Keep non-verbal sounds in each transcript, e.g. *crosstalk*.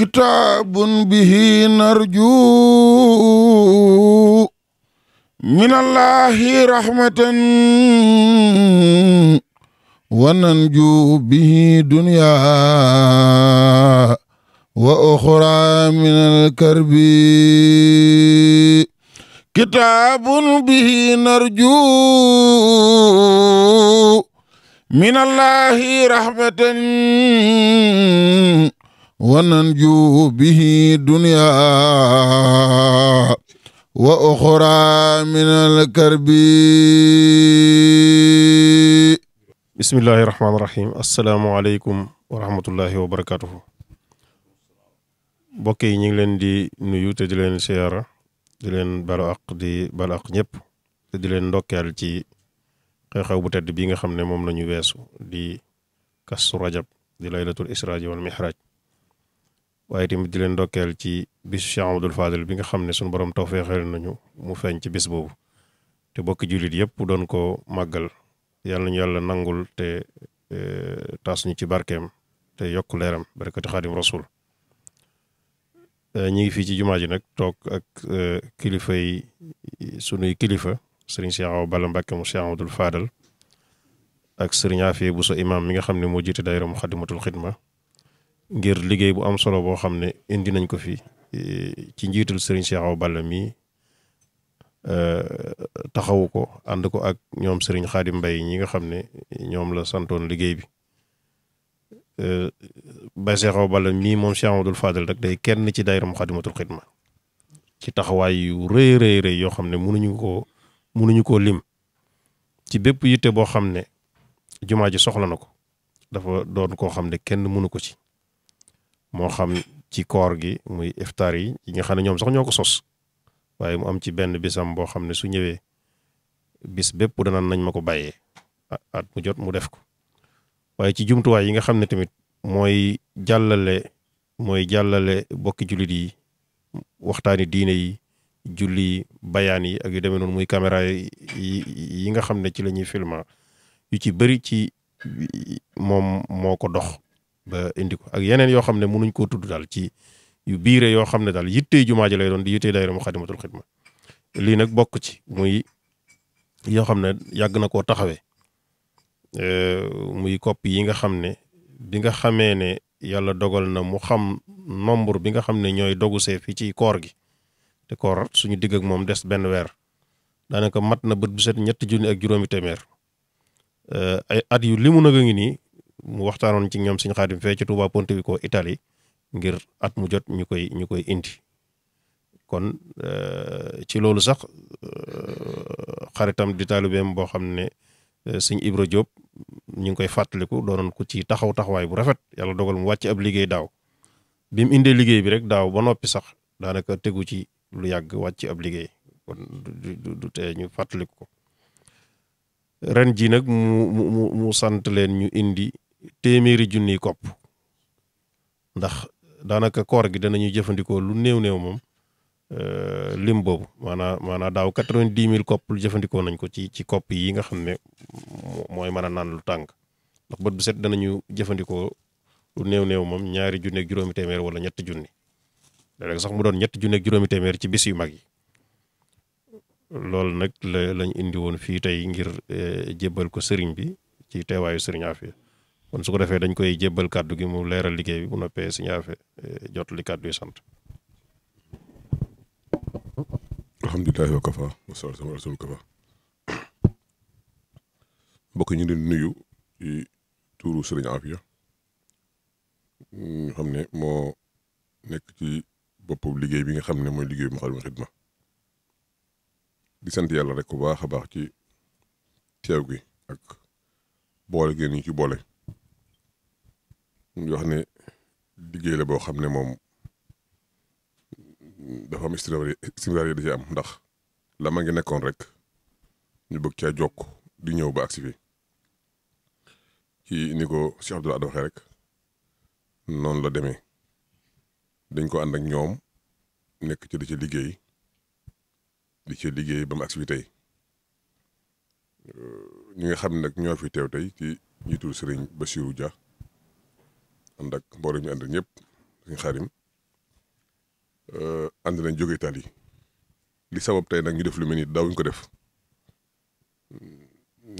kitaabun bihi narju minallahi rahmatan wa nanju bihi dunya wa ukhra minal karbi kitaabun bihi narju minallahi rahmatan وننجو به دنيا وأخرى من الكرب بسم الله الرحمن الرحيم السلام عليكم ورحمة الله وبركاته mbokk yi ñu ngi leen di nuyu te di leen siyaara di leen balu aq di balu aq ñëpp te di leen ndokkeel ci xew bu tedd bi nga xam ne moom la ñu weesu di kasu rajab di laylatul israaj wal mihraj waaye tamit di leen ndokkeel ci bisu Cheikh Amadou Fadel bi nga xam ne sunu borom tawféexal nañu mu feeñ ci bis boobu te bokki jullit yëpp doon ko màggal yàlla yàlla nangul te e, taas ñu ci barkeem te yokk leeram barakati xaadim rasul ñu ngi fii ci jumaa ji nag toog ak e, kilifa yi sunuy kilifa sëriñ Cheikh Awa Balla Mbàkke mu Cheikh Amadou Fadel ak sëriñ Afia Bousso imam mi nga xam ne moo jiite daayira mu xadimatul xidma ngir liggéey bu am solo boo xam ne indi nañ ko fi ci njiitul sëriñ Cheikh Awa Balla mii euh, taxawu ko ànd ko ak ñoom sëriñ Xaadim Mbay ñi nga xam ne ñoom la santoon liggéey bi euh, Baye Cheikh Awa Balla mii moom Cheikh Amadou Fadel rek day kenn ci day daayira Muxaddamatul Xidma ci taxawaay yu rëy rëy rëy yoo xam ne ko koo mënuñu koo lim ci bépp yitte boo xam ne jumaa ji soxla na ko dafa doon koo xam ne kenn mënu ko ci moo xam ci koor gi muy iftaar yi yi nga xam ne ñoom sax ñoo ko sos waaye mu am ci benn bisam boo xam ne su ñëwee bis bépp danaan nañ ma ko bàyyee at mu jot mu def ko waaye ci jumtuwaay yi nga xam ne tamit mooy jàllale mooy jàllale bokki jullit yi waxtaani diine yi julli yi bayaan yi ak yu demee noonu muy caméra yi nga xam ne ci lañuy ñuy filma yu ci bëri ci moom moo ko dox ba indi ko ak yeneen yoo xam ne mënuñ koo tudd daal ci yu biire yoo xam ne daal yittey jumaa ji lay doon di yittey daayira Muxaddamatul Xidma lii nag bokk ci muy yoo xam ne yàgg na koo taxawee muy kopp yi nga xam ne bi nga xamee ne yàlla dogal na mu xam nombre bi nga xam ne ñooy dogu dogusee fii ci koor gi te koor suñu digg ak moom des benn weer daanaka mat na bët bu set ñetti junni ak juróomi téeméer ay at yu limu nag a ngi nii mu waxtaanoon ci ñoom suñu xaadim fee ci Touba Pontevico Italie ngir at mu jot ñu koy ñu koy indi kon euh, ci loolu sax euh, xaritam di taalibeem boo xam ne euh, sëñ Ibra Diop ñu ngi koy fàttaliku doonoon ko ci taxaw taxawaay bu rafet yàlla dogal mu wàcc ab liggéey daaw bi mu indee liggéey bi rek daaw ba noppi sax daanaka tegu ci lu yàgg wàcc ab liggéey kon du tee ñu fàttaliku ko ren ji nag mu mu mu sant leen ñu indi téeméeri junniy kopp ndax daanaka koor gi danañuy jëfandikoo lu néew néew moom euh, lim boobu maanaa maanaa daaw quatre-vingt-dix mille kopp lu jëfandikoo nañ ko ci ci kopp yi nga xam ne mooy mën a naan lu tàng ndax bët bu set danañu jëfandikoo lu néew néew moom ñaari junneeg juróomi téeméer wala ñetti junni léeg sax mu doon ñetti junneeg juróomi téeméer ci bis yu mag yi loolu nag la lañ indi woon fii tey ngir euh, jébbal ko sëriñ bi ci teewaayu sëriñ fi kon su ko defee dañ koy jébbal kàddu gi mu leeral liggéey bi bu noppee suñu affaire eh, jot kàddu yi sant. alhamdulilah wa kafa wasalaatu ala rasul kafa mbokk ñu leen nuyu ci tuuru sëriñ Afia nga xam ne moo nekk ci boppu liggéey bi nga xam ne mooy liggéey Moukhaddamatoul Khidma di sant yàlla rek bu baax a baax ci teew gi ak boole gi ci boole. ñu wax ne liggéey la boo xam ne moom dafa am similarité da ci am ndax la ma nekkoon rek ñu bëgg caa jokk di ñëw ba agsi ci ni ko Cheikh Abdoul Ahad waxee rek noonu la demee dañ ko ànd ak ñoom nekk ci di ci liggéey di ci liggéey bam mu agsi ñu tey nga xam ne nag ñoo fi teew tey ci njiitul Serigne Bassirou Dia ànd ak mbooloo mi ànd ak ñëpp suñu xarim ànd nañ jóge li sabab tey nag ñu def lu mel ni daawuñ ko def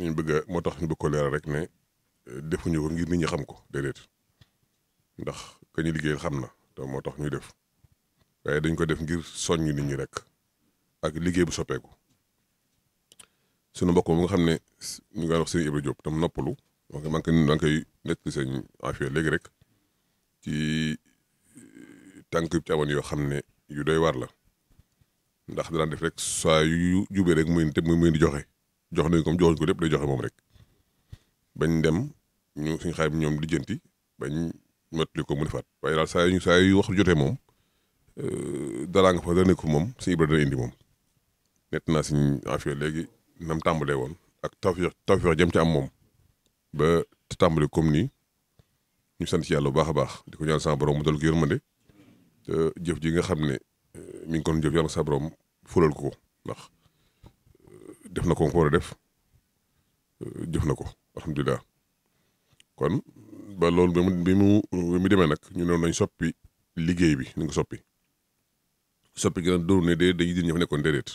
ñu bëgg a moo tax ñu bëgg ko leeral rek ne defuñu ko ngir nit ñi xam ko déedéet ndax ka ñu xam na te moo tax ñuy def waaye dañ ko def ngir soññ nit ñi rek ak liggéey bu soppeeku sunu mbokk mu nga xam ne ñu ngi wax sëñ Ibra Diop tam noppalu. ok maa ngi koy maa ngi koy nekk léegi rek ci eh, tànk yu ci amoon yoo xam ne yu doy war la ndax daan def rek saa yu rek muy te muy di joxe jox nañ ko joxuñ ko lépp day joxe moom rek bañ dem ñu suñ xaar ñoom lijjanti bañ mottali ko mu defaat waaye daal saa yu saa yu wax jotee moom eh, dalaa nga fa dana nekk moom suñu Ibra dana indi moom. nett naa suñ affaire léegi nam tàmbalee woon ak tawfeex tawfeex jëm ci am moom ba tàmbali comme nii. ñu sant ci bu baax a baax diko ko ñaan sama borom mu dal ko yërmande te jëf ji nga xam ne eh, mi ngi kon jëf yàlla sama borom fulal ko ndax eh, def na ko nga a def eh, jëf na ko alhamdulilah kon ba loolu bi mu bi mu bi demee nag ñu noonu nañ soppi liggéey bi ni nga soppi soppi gi nag dóoru ne dée dañuy din ña fa nekkoon déedéet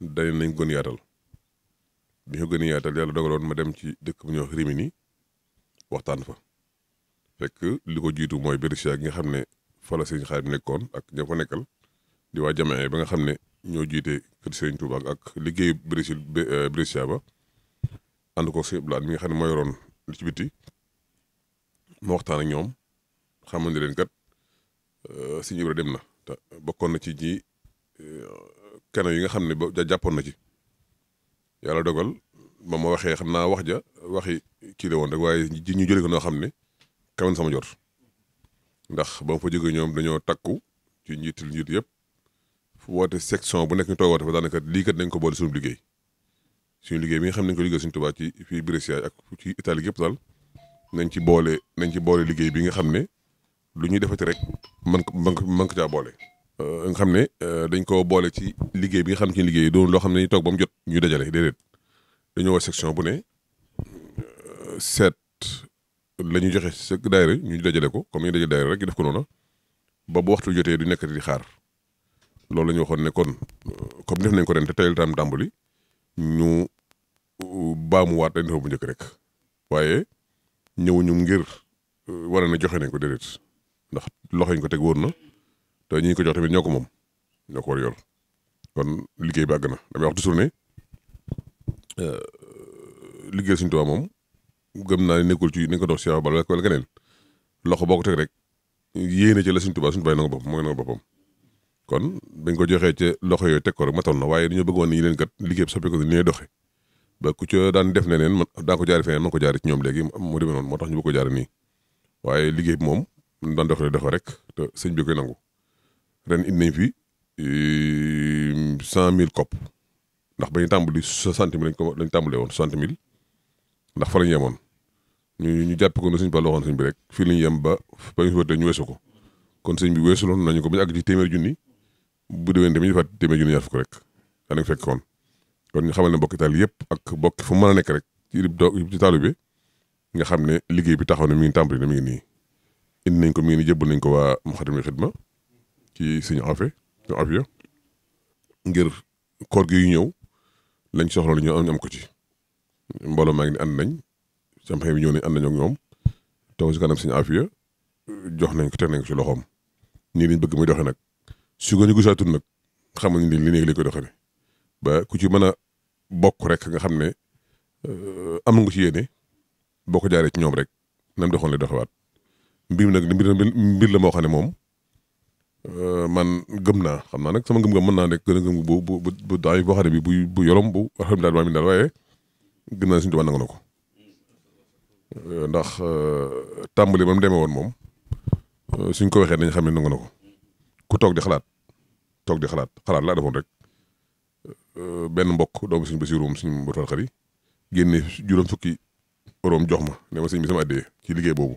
dañ nañ gën yaatal bi ñu gën yaatal yàlla dogaloon ma dem ci dëkk bu ñuy Rimini waxtaan fa fekk li ko jiitu mooy Berisha gi nga xam ne fa la sëñ Xaadim nekkoon ak ña ko nekkal di waa jamaa ba nga xam ne ñoo jiite kër Sëriñ Tuubaa ak liggéey Brésil Berisha euh, ba ànd ko sëñ Blaat mi nga xam ne moo yoroon lu ci biti ma waxtaan ak ñoom xam ne leen kat euh, sëñ Ibra dem na te bokkoon na ci ñi euh, keneen yi nga xam ne ba jàppoon na ci yàlla dogal ma ma waxee xam naa wax ja waxi kii la woon rek waaye ji ñu jëlee ko noo xam ne kawen sama jor ndax ba ma fa jógee ñoom dañoo takku ci njiitul njiit yëpp fu woote section bu nekk ñu toogoo dafa daanaka lii kat nañ ko boole suñu liggéey suñu liggéey bi nga xam ne ñu ko liggéey suñu tubaab ci fii Brescia ak ci Italie yëpp daal nañ ci boole nañ ci boole liggéey bi nga xam ne lu ñuy defati rek man ko man ko caa boole. nga xam ne eh, dañ ko boole ci liggéey bi nga xam ci liggéey doon loo xam ne ñu toog ba mu jot ñu dajale déedéet dañoo war section bu ne eh, seet la ñuy joxe sa daayira ñu dajale ko comme ñu dajale daayira rek ñu def ko noonu ba bu waxtu jotee du nekk di xaar loolu la ñu waxoon ne kon comme def nañ ko ren te tayal tam tàmbali ñu baamuwaat dañ def bu njëkk rek waaye ñëwuñu ngir wane na joxe nañ ko déedéet ndax loxo ñu ko teg wóor na te ñi ko joxe tamit ñoo ko moom ñoo ko war yor kon liggéey bi àgg na damay wax toujours ne euh, liggéey suñu tubaab moom. gëm naa ne nekkul ci ni ko dox si yow bala wala keneen loxo boo teg rek yéene ci la suñ tubaab suñ tubaab na ko boppam mooy na ko boppam kon bañ ko joxee ca loxo yooyu teg ko rek matoon na waaye dañoo bëggoon ni leen kat liggéey bi soppi ko ni ñuy doxe ba ku daan def ne neen man daa ko jaari feneen man ko jaari ci ñoom léegi mu demee noonu moo tax ñu bëgg ko jaari nii waaye liggéey bi moom daan doxee doxe rek te sëñ bi koy nangu ren indi nañ fi cent mille kopp ndax ba ñu tàmbali soixante mille lañ ko lañ tàmbalee woon soixante mille ndax fa la ñu ñu ñu jàpp ko ne sëñ Fallu waxoon bi rek fii la ñu yem ba ñu wër ñu ko kon sëñ bi weesuloon nañu ko ba ñu àgg ci téeméer junni bu déwén tamit ñu defaat téeméer junni ñaar fukk rek daanaka fekk kon kon ñu xamal ne mbokki taal yëpp ak mbokk fu mu a nekk rek ci ci taalu bi nga xam ne liggéey bi taxaw na mi tàmbali na mi nii indi nañ ko mi ni nii nañ ko waa Moukhaddamatoul Khidma ci suñu affaire suñu affaire ngir koor gi yu ñëw lañ soxla ñu am ko ci mbooloo maa ngi ànd nañ champion bi ñëw nañ ànd nañu ak ñoom taw si kanam suñu afiya jox nañ ko teg ci loxoom nii lañ bëgg muy doxee nag su ko ñu gisaatul nag xam nañ ni li léegi ba ku ci mën a bokk rek nga xam ne eh, am nga ci yéene boo ko jaaree ci ñoom rek nam doxoon lay doxewaat mbir mi nag mbir mbir la moo xam ne moom eh, man gëm naa xam naa nag sama ngëm-ngëm mën naa nekk gën a gëm bu bu bu daay ne bi bu bu yorom bu alhamdulilah maa mi daal waaye gëm naa suñu tubaab nangu na ko ndax euh, tàmbali ba mu deme woon moom euh, suñ ko waxee dañ xam ne nangu na ko ku toog di xalaat toog di xalaat xalaat laa defoon rek euh, benn mbokk doomu suñ Basiru moom suñu mbotal xar juróom fukki oroom jox ma ma sëñ bi sama ci liggéey boobu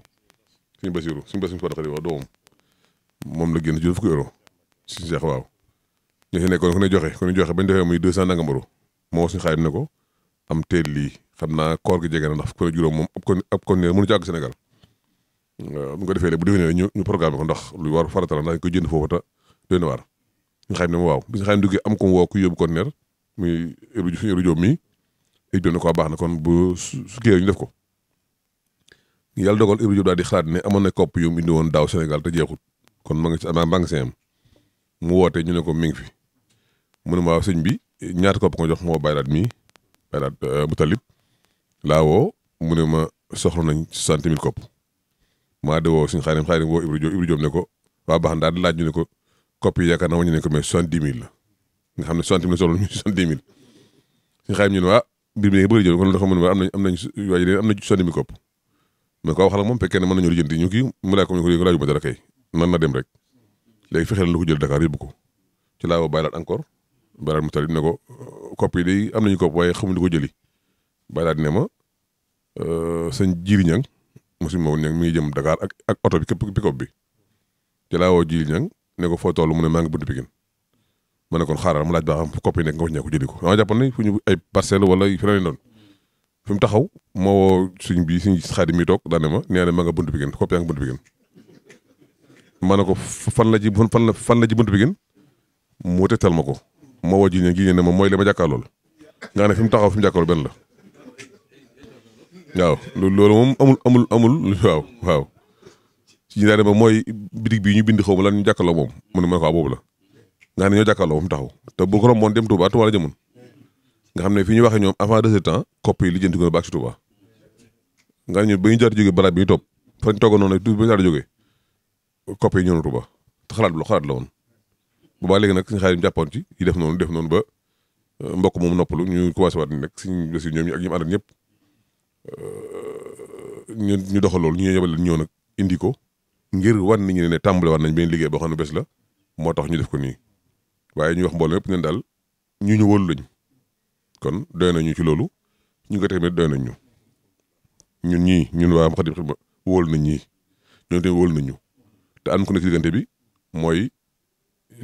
suñ Basiru suñ Basiru mbotal xar yi waaw doomam moom la génn juróom fukki oroom suñ Seex waaw ñu si nekkoon ku ne joxe ku ne joxe bañ defee muy deux cent nangam euro moo suñ xaalim ne ko am teel lii xam naa koor gi jege na ndax ko juróom moom ab kon ab kon mënu ci àgg Sénégal bu ko defee bu déwénee ñu ñu programme ko ndax lu war farata la ndax ñu ko jënd foofu ta doy waar ñu xam ne ma waaw bi ne duggee am ko woo ku yóbbu conteneur muy ru joom mi ëj ko baax na kon bu su kii ko yàlla dogal ru joom daal di xalaat ne amoon na kopp yu mu woon daaw Sénégal te jeexut kon ma nga ci ama am mu woote ñu ne ko mi ngi fi mu ne ma waaw sëñ bi ñaata kopp nga jox moo bàyyi daat mii alaat bu euh, talib laa mu ne ma soxla nañ soixante mille kopp ma de wo suñu xaarim xaarim woo Ibra Diop ne ko waa baax daal laaj ñu ne ko kopp yi yaakaar naa wàññi ne ko mais soixante dix mille la nga xam ne soixante mille soxla nañu *laughs* ñu ne waa mbir mi léegi bëri jël kon dafa mën am nañ am nañ waaye léegi am nañ soixante mille kopp mais ko waxal ak moom fekkee ne mën nañu jënd ñu kii mu laaj ko ñu ko léegi laajuma dara kay man na dem rek léegi fexeel lu ko jël Dakar yóbbu ko ci laa woo bàyyi laat encore Baraad Mutalib ne ko kopp yi day am nañu kopp waaye xamuñu ko jëli Baraad ne ma euh, sëñ Jiiri Ñang mosuñu ma woon ñang mi ngi jëm Dakar ak ak oto bi képp pick-up bi ci laa woo Jiiri Ñang ne ko foo toll mu ne maa ngi bunt Pikin ma ne kon xaaral mu laaj ba xam kopp yi nekk nga wax ñee ko jëli ko dama jàppoon ne fu mu taxaw moo woo suñ bii suñ xaadi mi toog daane ma nee na ma nga bunt Pikin kopp yaa nga bunt ma ne ko fan la ji fan la fan la ji bunt Pikin mu tegtal ma ko ma woo jigéen jigéen ne ma mooy li ma jàkkaarlool nga ne fi mu taxaw fi mu jàkkaarlool lu la waaw loolu moom amul amul amul waaw waaw ci daane ma mooy bitig bi ñu bind xaw ma lan ñu jàkkaarloo moom mu ne ma ko ah boobu la nga ne ñoo jàkkaarloo ba mu taxaw te bu ko romboon dem Touba Touba la jëmoon nga xam ne fi ñu waxee ñoom avant de ce temps kopp yi lijjanti ko ba ak si Touba nga ne ñun ba ñu jaar jógee barab bi ñu topp fañ toogoon noonu rek tuuti ba ñu jaar jógee kopp yi ñëw na xalaat la xalaat bu baax léegi nag suñu xaarim jàppoon ci yi def noonu def noonu ba euh, mbokk moom noppalu ñu commencé waat nag suñu bés yi ñoom ak ñi mu àndal ñëpp euh, ñu ñu doxal loolu ñu yebal ñëw nag indi ko ngir wan nañu ne tàmbale war nañ benn liggéey boo xam ne bés la moo tax ñu def ko nii waaye ñu wax mbooloo yëpp neen daal ñu ñu wóolu lañu kon doy nañu ci loolu ñu ngi ko tamit doy nañ ñu ñun ñii ñun waa Moukhaddamatoul Khidma wóolu nañ ñi ñoom tamit wóolu nañ ñu te ànd ku nekk diggante bi mooy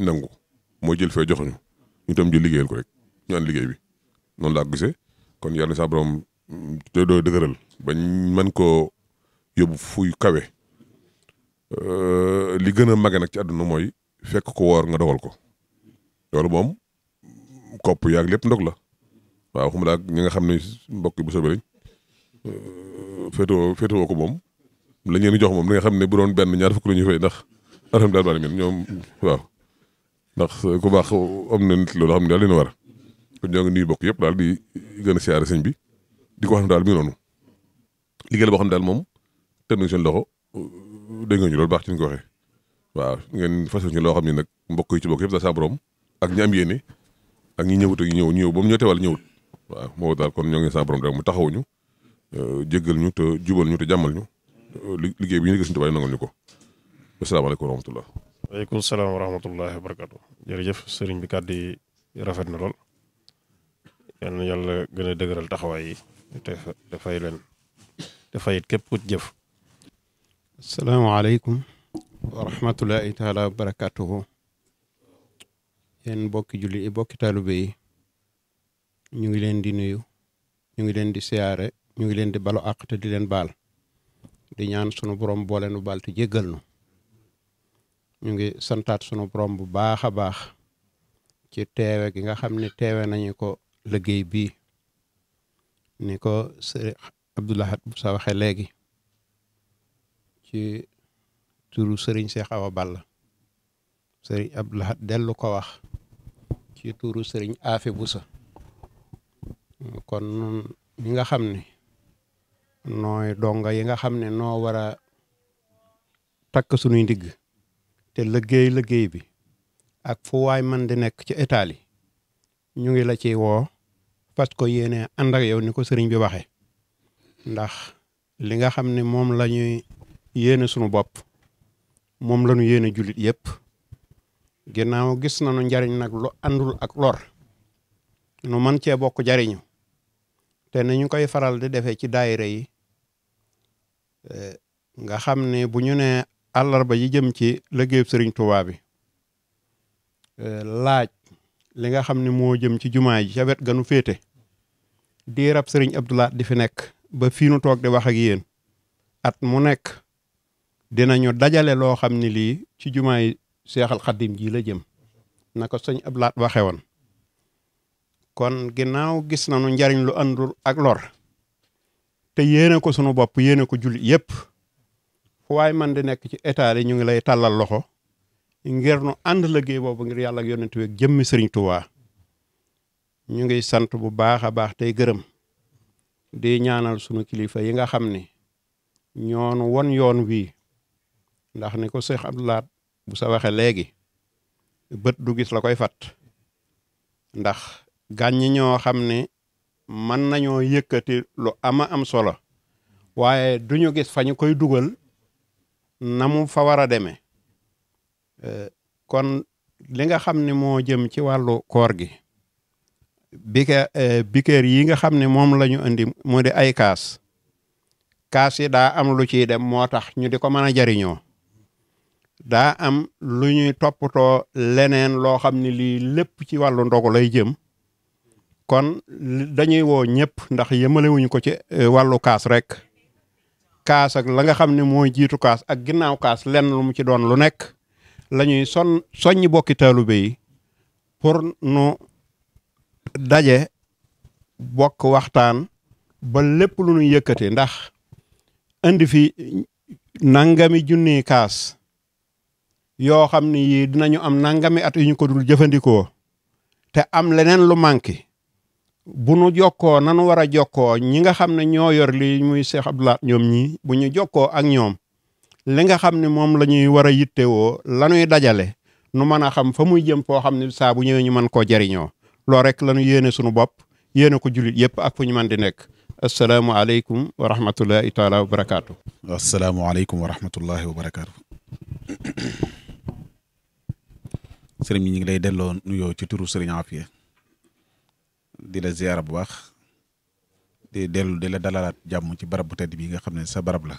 nangu mooy jël fee jox ñu ñu tam jël liggéeyal ko rek ñu ànd liggéey bi noonu laa gisee kon yàlla na saa borom te doo dëgëral bañ man koo yóbbu fuy kawe euh, li gën a mage nag ci àdduna mooy fekk ko woor nga dogal ko loolu moom kopp yaag lépp ndog la waaw xam nga ñi nga xam ne mbokk bu soobee lañ euh, féetewoo féetewoo ko moom la ñeen jox moom li nga xam ne buroon benn ñaar fukk la ñuy fay ndax alhamdulilah ñoom waaw. ndax ku baax am na nit loolu daal leen war kon ñoo ngi nuyu bokk yëpp daal di gën a siyaare sëñ bi di ko wax ne daal mi ngi noonu liggéey la xam ne daal moom teg nañu seen loxo dégg nga ñu loolu baax ci ñu waaw ngeen faso ñu loo xam ne nag mbokk yi ci bokk yëpp daal saa borom ak ñi am yéene ak ñi ñëwut ak ñi ñëw ñëw ba mu wala ñëwut waaw moo daal kon ñoo ngi saa borom rek mu taxawuñu euh, jéggal ñu te jubal ñu te jàmmal ñu euh, liggéey bi ñu liggéey suñu tubaab yi nangal ñu ko wasalaamaaleykum wa rahmatullah aleykum salaam wa rahmatullahi wa barakatu jërëjëf sëriñ bi kàddu rafet na lool yal na gën a dëgëral taxawaay yi leen te fayit képp ku jëf asalaamaaleykum wa rahmatullahi taala wa barakatuhu bokki julli bokki taalibe yi ñu ngi leen di nuyu ñu ngi leen di siyaare ñu ngi leen di balu àq te di leen baal di ñaan sunu borom boole nu baal te jéggal nu ñu ngi santaat sunu borom bu baax a baax ci teewe gi nga xam ne teewe nañu ko liggéey bii ni ko sëriñ Abdou Lahad waxe léegi ci turu sëriñ Cheikh Awa Balla sëriñ Abdou Lahad dellu ko wax ci turu sëriñ Afe Busa kon yi nga xam ni nooy donga yi nga xam ne noo war a takk sunuy ndigg te liggéey liggéey bi ak fu waay man di nekk ci Italie ñu ngi la ci woo fas ko yéene ànd ak yow ni ko sëriñ bi waxee ndax li nga xam ne moom la ñuy yéene sunu bopp moom la ñu yéene jullit yépp ginnaaw gis nañu njariñ nag àndul ak lor nu man cee bokk jariñu te ni ñu koy faral di defee ci daayira yi eh, nga xam ne bu ñu àllarba yi jëm ci liggéeyu sëriñ Tuubaa bi euh, laaj li nga xam ni moo jëm ci jumaa ji ca wet ganu féete diirab sëriñ Abdou Lahad di fi nekk ba fii nu toog di wax ak yéen at mu nekk dinañu dajale loo xam ni lii ci jumaa yi seexal xaddim ji la jëm na ko sëñ Abdou waxe woon kon ginnaaw gis nañu njariñ lu andul ak lor te yéene ko sunu bopp yéene ko jullit yépp fu waaye man di nekk ci état yi ñu ngi lay tàllal loxo ngir nu ànd liggéey boobu ngir yàlla ak yonent weeg jëmmi sëriñ Tuubaa ñu ngi sant bu baax a baax tey gërëm di ñaanal sunu kilifa yi nga xam ni ñoon won yoon wii ndax ni ko Seex Abdou Lahad bu sa waxe léegi bët du gis la koy fat ndax gàññi ñoo xam ne mën nañoo yëkkati lu ama am solo waaye duñu gis fa ñu koy dugal na mu fa war a demee eh, kon li nga xam ni moo jëm ci wàllu koor gi bike eh, biker yi nga xam ni moom la ñu indi mu di ay kaas kaas yi daa am lu ciy dem moo tax ñu di ko mën a jariñoo daa am lu ñuy toppatoo leneen loo xam ne lii lépp ci wàllu ndogu lay jëm kon dañuy woo ñëpp ndax yëmalewuñu ko ci eh, wàllu kaas rek kaas ak la nga xam ni mooy jiitu kaas ak ginnaaw kaas lenn lu mu ci doon lu nekk la ñuy son soññi bokki taalube yi pour nu daje bokk waxtaan ba lépp lu ñu yëkkate ndax indi fi nangami junni kaas yoo xam ne yii dinañu am nangami at yu ñu ko dul jëfandikoo te am leneen lu manqué bu nu jokkoo nanu war a jokkoo ñi nga xam ne ñoo yor lii muy Cheikh Abdou Lahad ñoom ñi bu ñu jokkoo ak ñoom li nga xam ne moom la ñuy war a yittewoo la ñuy dajale nu mën a xam fa muy jëm foo xam ne saa bu ñëwee ñu man koo jariñoo loolu rek la ñu yéene sunu bopp yéene ko jullit yëpp ak fu ñu mën di nekk asalaamaaleykum wa rahmatullahi taala wa barakaatu asalaamaaleykum wa rahmatullahi wa *coughs* ñi ngi lay delloo nuyoo ci turu sëriñ Afia di la ziyaara bu baax di dellu di la dalalaat jàmm ci barab bu tedd bii nga xam ne sa barab la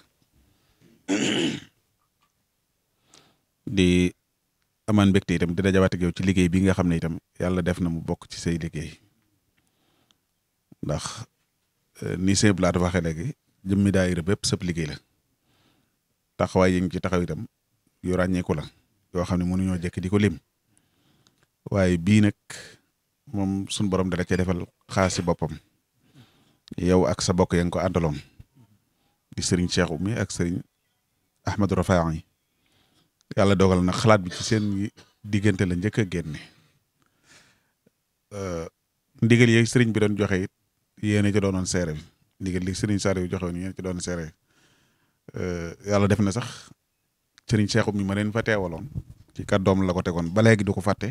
*coughs* di amaan mbégte itam di dajawaat ak yow ci liggéey bi nga xam ne itam yàlla def na mu bokk ci say liggéey ndax eh, ni sëñ Blaat waxee léegi jëmmi daayira bépp sëpp liggéey la taxawaay yi ci taxaw itam yu ràññeeku la yoo xam ne mënuñoo jëkk di ko lim waaye bii nag. moom suñu borom dala cee defal xaasi boppam yow ak sa bokk ya ko àndaloon di sëriñ Cheikh Oumy ak sëriñ Ahmad Rafaa yi yàlla dogal na xalaat bi seen diggante la njëkk a génne euh, ndigal yeeg sëriñ bi doon joxe yéen a ci doonoon seere bi ndigal li sëriñ Saare bi joxe woon yéen ci doon seere euh, yàlla def na sax sëriñ Cheikh Oumy ma leen fa teewaloon ci doom la ko tegoon ba léegi du ko fàtte.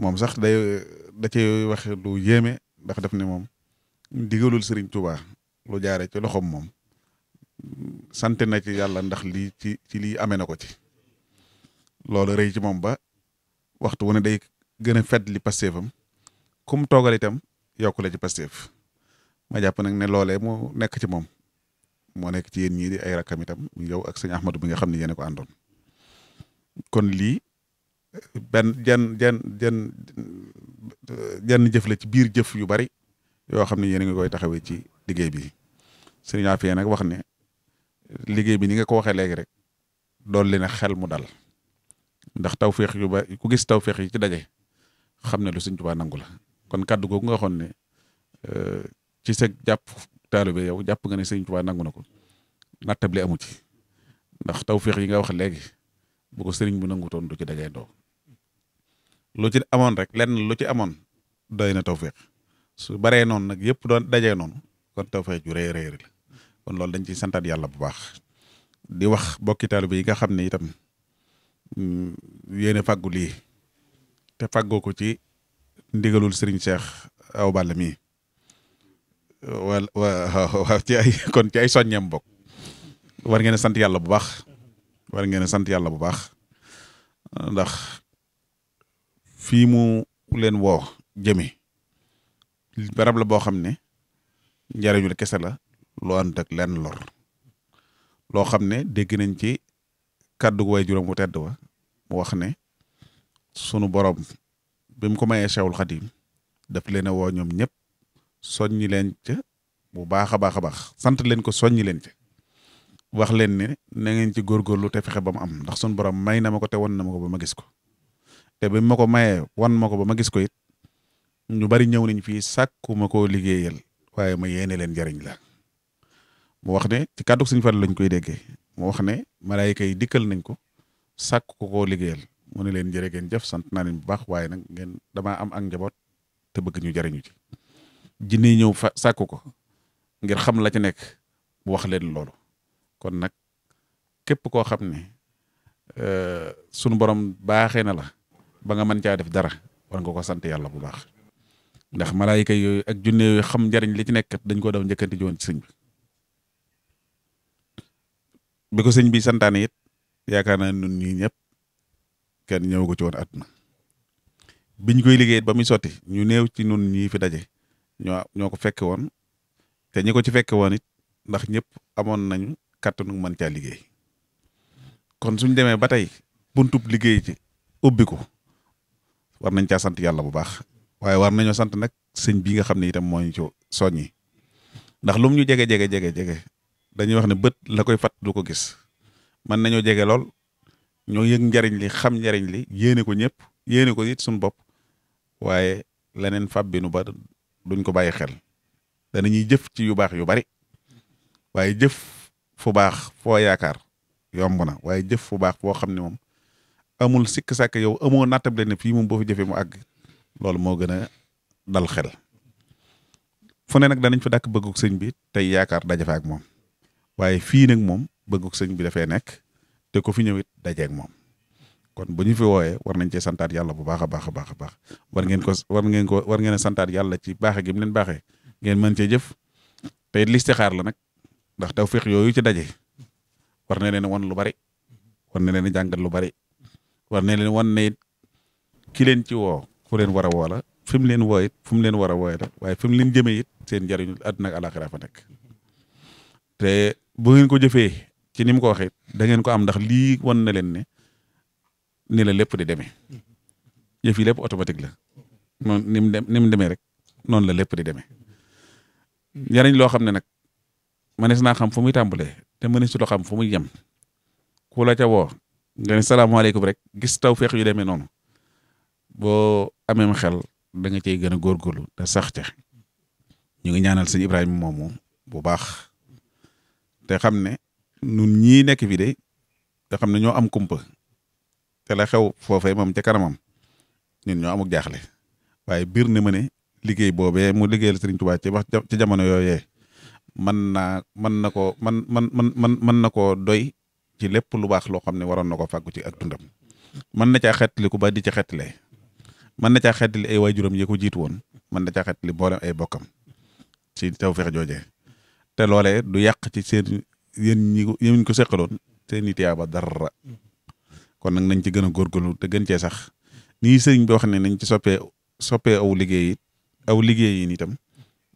moom sax day da ce wax lu yéeme ndax def ne moom digalul Serigne Touba lu jaare ci loxoom moom sant na ci yàlla ndax li ci ci lii amee na ko ci loolu rëy ci moom ba waxtu wu ne day gën a fedd li pasteefam ku mu toogal itam yokku la ci pasteef ma jàpp nag ne loolee mu nekk ci moom moo nekk ci yéen ñii di ay rakkam itam yow ak sëñ Ahmadou bi nga xam ne yéen a ko àndoon kon lii benn jenn jenn jenn jenn jëf la ci biir jëf yu bari yoo xam ne yéen a ngi koy taxawee ci liggéey bi sëriñ Afia nag wax ne liggéey bi ni nga ko waxee léegi rek dool li ne xel mu dal ndax taw tawféex yu ba ku gis taw tawféex yi ci daje xam ne lu Sëriñ Tuubaa nangu la kon kàddu googu nga waxoon ne euh, ci sek jàpp taalibe yow jàpp nga ne Sëriñ Tuubaa nangu na ko nattab li amu ci ndax taw tawféex yi nga wax léegi bu ko bu bi nangutoon du ci dajee doo lu ci amoon rek lenn lu ci amoon doy na tawféex su baree noonu nag yëpp doon dajee noonu kon tawféex ju rëy rëy la kon loolu dañ ciy santaat yàlla bu baax di wax bokki bi yi nga xam ne itam mm, yéene fàggu lii te fàggoo ko ci ndigalul sëriñ Cheikh Awa Balla mii wala waaw *laughs* ci ay kon ci ay soññeem bokk war ngeen sant yàlla bu baax war ngeen sant yàlla bu baax ndax fii mu leen woo jëme barab la boo xam ne njariñu la kese la loo ànd ak lenn lor loo xam ne dégg nañ ci kàddu gu way juróom bu tedd wa mu wax ne sunu borom bi mu ko mayee Cheikhul Khadim daf leen a woo ñoom ñëpp soññi leen ca bu baax a baax a baax sant leen ko soññi leen ca wax leen ne na ngeen ci góorgóorlu te fexe ba mu am ndax sunu borom may na ma ko te won na ma ko ba ma gis ko te bi ma ko mayee wan ma ko ba ma gis ko it ñu bari ñëw nañ fii sàkku ma koo liggéeyal waaye ma yéene leen njariñ la mu wax ne ci kàddu Sëriñ Fallu lañ koy déggee mu wax ne malaayika yi dikkal nañ ko sàkku ko koo liggéeyal mu ne leen jërë ngeen jëf sant naa leen bu baax waaye nag ngeen damaa am ak njaboot te bëgg ñu jariñu ci jinne yi ñëw fa sàkku ko ngir xam la ci nekk mu wax leen loolu kon nag képp koo xam ne euh, sunu borom baaxee na la ba nga mën caa def dara war nga ko sant yàlla bu baax ndax malaayika yooyu ak junne yooyu xam njariñ li ci nekk dañ ko daw njëkkanti joon ci sëñ bi bi ko sëñ bi santaane it yaakaar naa nun ñii ñëpp kenn ñëw ko ci woon at na biñ koy liggéey ba muy sotti ñu néew ci nun ñii fi daje ñoo ñoo ko fekke woon te ñi ko ci fekke woon it ndax ñëpp amoon nañu kàttanu mën caa liggéey kon suñ demee ba tey buntub liggéey ci ubbi ko war nañ caa sant yàlla bu baax waaye war nañoo sant nag sëñ bi nga xam ne itam moo ñu ci soññi ndax lu ñu jege jege jege jege dañuy wax ne bët la koy fat du ko gis mën nañoo jege lool ñoo yëg njariñ li xam njariñ li yéene ko ñëpp yéene ko yit suñu bopp waaye leneen fab binu nu ba duñ ko bàyyi xel danañuy jëf ci yu baax yu bari waaye jëf fu baax foo yaakaar yomb na waaye jëf fu baax foo xam ne moom amul sikk sàkk yow amoo nattable ne fii moom boo fi jëfee mu àgg loolu moo gën a dal xel fu ne nag danañ fa dàkk bëggug sëñ bi tey yaakaar daje fa ak moom waaye fii nag moom bëggug sëñ bi dafee nekk te ko fi ñëwit dajeek moom kon bu ñu fi wooyee war nañ cee santaat yàlla bu baax a baax baax baax war ngeen ko war ngeen ko war a santaat yàlla ci baaxe gi mu baaxee ngeen mën cee jëf te it listixaar la nag ndax tawfiq yooyu ci daje war na leen a won lu bari war na leen a lu bari war ne leen wan ne it ki leen ci woo ku leen war a woo la fi mu leen woo it fu mu leen war a wooye la waaye fi mu leen jëmee it seen njariñu àdduna ak fa nekk te bu ngeen ko jëfee ci ni mu ko waxee dangeen ko am ndax lii wan na leen ne ni la lépp di demee yëf yi lépp automatique la noonu ni mu dem ni mu demee rek noonu la lépp di demee njariñ loo xam ne nag mënees naa xam fu muy tàmbalee te mënees loo xam fu muy yem ku la ca woo nga ne salaamaaleykum rek gis taw feex yu demee noonu boo ameem xel danga nga cey gën a góorgóorlu te sax ca ñu ngi ñaanal sëñ Ibrahima moomu bu baax te xam ne nun ñii nekk fi de te xam ne ñoo am kumpa te la xew foofe moom ca kanamam ñun ñoo amuk jaaxle waaye biir ne ma ne liggéey boobe mu liggéeyal Sëriñ Tuubaa ci wax ci jamono yooyee man naa mën na ko man man man man mën na koo doy ci lépp lu baax loo xam ne waroon na ko fàggu ci ak dundam mën na caa xettaliku ba di ca xettalee mën na caa xettali ay waajuram yi ko jiitu woon mën na caa xettali boolem ay bokkam ci tawfeex jooje te loolee du yàq ci seen yéen ñi ko yéen ko seqaloon seen i tiyaaba dara kon nag nañ ci gën a góorgóorlu te gën cee sax ni sëriñ bi wax ne nañ ci soppee soppee aw liggéey aw liggéey yi itam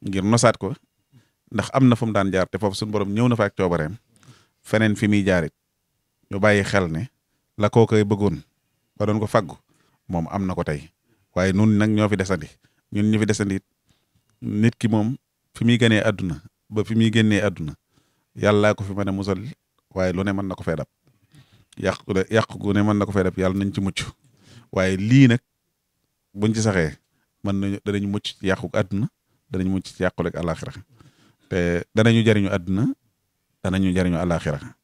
ngir nosaat ko ndax am na fu mu daan jaar te foofu suñu borom ñëw na fa ak coobareem feneen fi muy jaar ñu bàyyi xel ne la koo koy bëggoon ba doon ko faggu moom am na ko tey waaye nun nag ñoo fi desandi ñun ñu fi desandi nit ki moom fi muy ganee àdduna ba fi muy génnee àdduna yàllaa ko fi mën a musal waaye lu ne mën na ko fee dab yàq yàq ne mën na ko fee dab yàlla nañ ci mucc waaye lii nag buñ ci saxee mën nañu danañ mucc ci yàqu àdduna danañ mucc ci yàqu rek àllaaxira te danañu jariñu àdduna danañu jariñu àllaaxira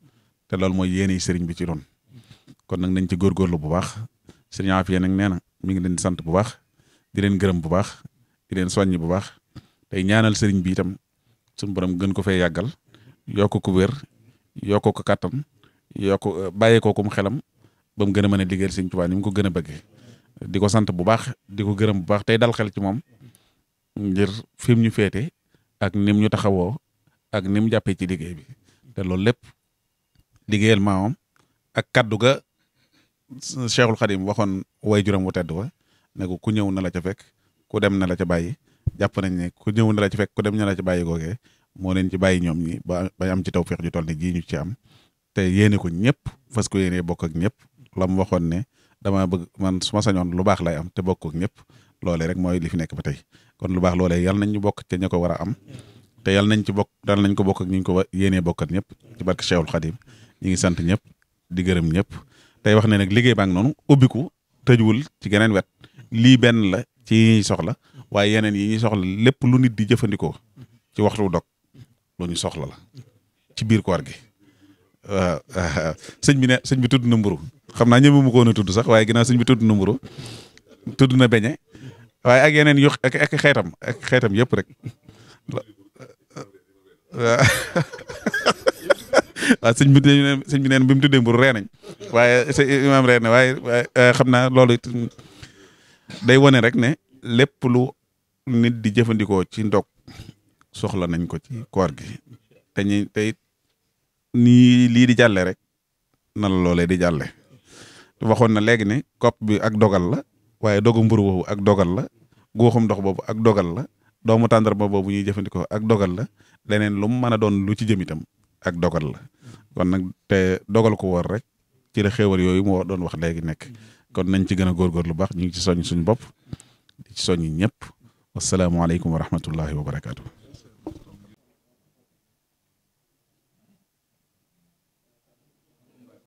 te loolu mooy yéene sëriñ bi ci doon kon nag dañ ci góorgóorlu bu baax sëriñ Afia nag nee na mi ngi leen di sant bu baax di leen gërëm bu baax di leen soññ bu baax tey ñaanal sëriñ bi itam suñu borom gën ko fee yàggal yokk ko wér yokk ko kàttan yokk bàyyee ko kum xelam ba mu gën a mën a liggéeyal sëriñ Tuubaa ni ko gën a bëggee di ko sant bu baax di ko gërëm bu baax tey dal xel ci moom ngir fi ñu féete ak nim ñu taxawoo ak nim jàppee ci liggéey bi te loolu lépp. liggéeyal maamam ak kaddu ga Cheikhul Khadim waxoon way juram wu tedd wa ne ko ku ñëw na la ca fekk ku dem na la ca bàyyi jàpp nañ ne ku ñëw na la ca fekk ku dem na la ca bàyyi googee moo leen ci bàyyi ñoom ñi ba ba am ci tawfeex ju toll ni ji ñu ci am te yéene ko ñëpp fas ko yéene bokk ak ñëpp la mu ne dama bëgg man su ma sañoon lu baax lay am te bokk ñëpp loolee rek mooy li fi nekk ba tey kon lu baax loolee yal nañ ñu bokk te ña ko war a am te yal nañ ci bokk dal nañ ko bokk ak ñu ko yéenee bokkal ñëpp ci barke Cheikhul Khadim ñu ngi sant ñépp di gërëm ñëpp tey wax ne nag liggéey baa ngi noonu ubbiku tëjuwul ci geneen wet lii benn la ci yi soxla waaye yeneen yi ñuy soxla lépp lu nit di jëfandikoo ci waxtu dog lu ñu soxla la ci biir koor gi waaw sëñ bi ne sëñ bi tudd na mburu xam naa ñëpp mu a tudd sax waaye ginnaaw sëñ bi tudd na mburu tudd na beñe waaye ak yeneen yu ak xeetam ak xeetam yëpp rek waaw sëñ bi dañu ne bi neen bi mu tuddee mburu ree nañ waaye sa na waaye eh, xam naa loolu it day wane rek ne lépp lu nit di jëfandikoo ci ndog soxla nañ ko ci koor gi te ñuy tey ni lii di jàlle rek na loole loolee di jàlle waxoon na léegi ne kop bi ak dogal la waaye dogu mburu boobu ak dogal la guuxum ndox boobu ak dogal la doomu tàndarma boobu ñuy jëfandikoo ak dogal la leneen lu mu mën a doon lu ci jëm itam ak dogal la kon nag te dogal ko war rek ci la yooyu moo doon wax léegi nekk kon nañ ci gën a góorgóor lu baax ñu ngi ci soññ suñu bopp di ci soññ ñëpp wasalaamualeykum wa rahmatullahi wa barakaatu.